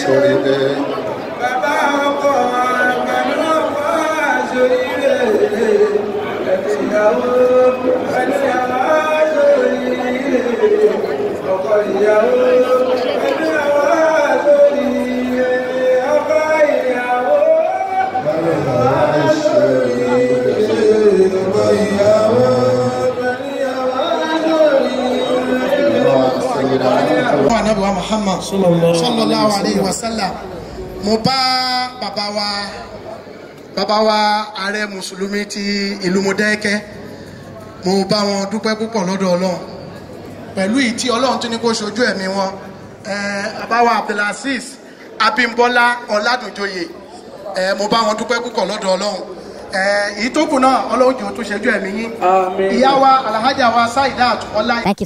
sóríire. bàbá ọkọ àgbàdo ọkọ àṣoríire ẹtìyàwó ẹtìyàwó wà muhammad sallallahu alayhi wa sallam mo bá bàbá wa bàbá wa ààrẹ mùsùlùmí ti ìlú mọdẹ́kẹ́ mo bá wọn dúpẹ́ púpọ̀ lọ́dọ̀ ọlọ́run pẹ̀lú ìtí ọlọ́run tó ní kó ṣojú ẹ̀mí wọn àbáwọ̀ abdulaziz abimbola ọ̀làdúnjọyè mo bá wọn dúpẹ́ púpọ̀ lọ́dọ̀ ọlọ́run Thank you so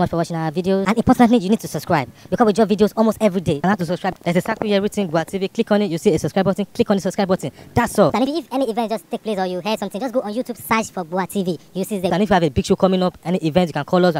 much for watching our videos. And importantly, you need to subscribe because we drop videos almost every day. And how to subscribe? There's a circle here written Gua TV. Click on it, you see a subscribe button. Click on the subscribe button. That's all. And if any event just take place or you heard something, just go on YouTube, search for Gua TV. You see the. And if you have a big show coming up, any event, you can call us.